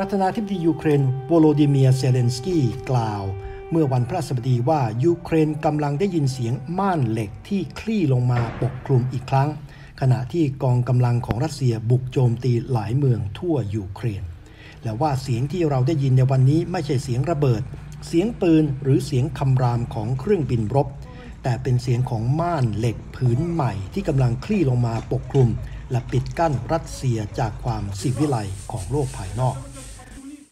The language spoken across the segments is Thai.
ประธานาธิบดียูเครนโวโลดิเมียเซเลนสกี้กล่าว เมื่อวันพระสบดีว่ายูเครนกำลังได้ยินเสียงม่านเหล็กที่คลี่ลงมาปกคลุมอีกครั้ง ขณะที่กองกำลังของรัสเซียบุกโจมตีหลายเมืองทั่วยูเครนและว่าเสียงที่เราได้ยินในวันนี้ไม่ใช่เสียงระเบิด เสียงปืนหรือเสียงคำรามของเครื่องบินรบ แต่เป็นเสียงของม่านเหล็กผืนใหม่ ที่กำลังคลี่ลงมาปกคลุม และปิดกั้นรัสเซียจากความสิวิไลของโลกภายนอก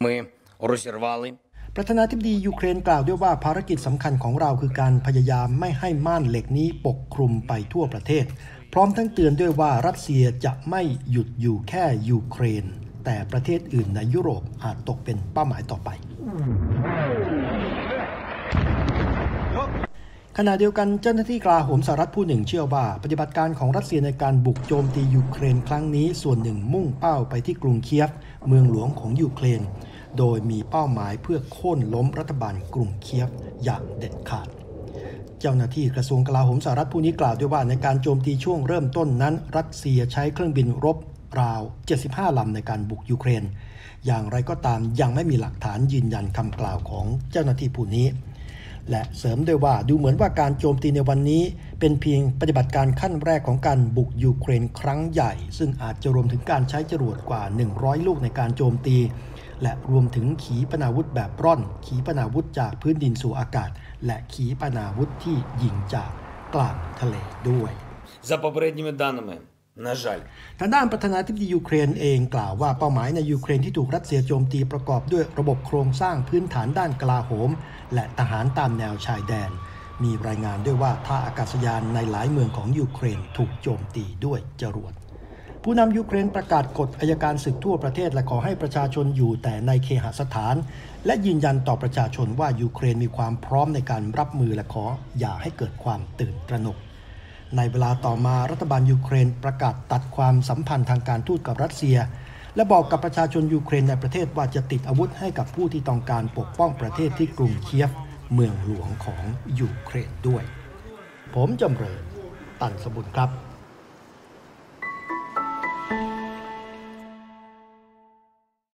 ประธานาธิบดียูเครนกล่าวด้วยว่าภารกิจสำคัญของเราคือการพยายามไม่ให้ม่านเหล็กนี้ปกคลุมไปทั่วประเทศ พร้อมทั้งเตือนด้วยว่ารัสเซียจะไม่หยุดอยู่แค่ยูเครน แต่ประเทศอื่นในยุโรปอาจตกเป็นเป้าหมายต่อไป ขณะเดียวกันเจ้าหน้าที่กลาโหมสหรัฐผู้หนึ่งเชื่อว่าปฏิบัติการของรัสเซียในการบุกโจมตียูเครนครั้งนี้ส่วนหนึ่งมุ่งเป้าไปที่กรุงเคียฟเมืองหลวงของยูเครนโดยมีเป้าหมายเพื่อโค่นล้มรัฐบาลกรุงเคียฟอย่างเด็ดขาด เจ้าหน้าที่กระทรวงกลาโหมสหรัฐผู้นี้กล่าวด้วยว่าในการโจมตีช่วงเริ่มต้นนั้น รัสเซียใช้เครื่องบินรบราว 75 ลำในการบุกยูเครน อย่างไรก็ตามยังไม่มีหลักฐานยืนยันคำกล่าวของเจ้าหน้าที่ผู้นี้ และเสริมด้วยว่าดูเหมือนว่าการโจมตีในวันนี้ เป็นเพียงปฏิบัติการขั้นแรกของการบุกยูเครนครั้งใหญ่ ซึ่งอาจจะรวมถึงการใช้จรวดกว่า 100 ลูกในการโจมตีและรวมถึงขีปนาวุธแบบ ร่อน ขีปนาวุธจากพื้นดินสู่อากาศ และขีปนาวุธที่ยิงจาก กลางทะเลด้วยทางด้านประธานาธิบดียูเครนเองกล่าวว่าเป้าหมายในยูเครนที่ถูกรัสเซียโจมตีประกอบด้วยระบบโครงสร้างพื้นฐานด้านกลาโหม และทหารตามแนวชายแดน มีรายงานด้วยว่าท่าอากาศยานในหลายเมืองของยูเครนถูกโจมตีด้วยจรวดผู้นำยูเครนประกาศกฎอายการศึกทั่วประเทศและขอให้ประชาชนอยู่แต่ในเคหสถาน และยืนยันต่อประชาชนว่ายูเครนมีความพร้อมในการรับมือและขออย่าให้เกิดความตื่นตระหนก ในเวลาต่อมารัฐบาลยูเครนประกาศตัดความสัมพันธ์ทางการทูตกับรัสเซีย และบอกกับประชาชนยูเครนในประเทศว่าจะติดอาวุธให้กับผู้ที่ต้องการปกป้องประเทศที่กรุงเคียฟเมืองหลวงของยูเครนด้วย ผมจำเริญตันสบุญครับ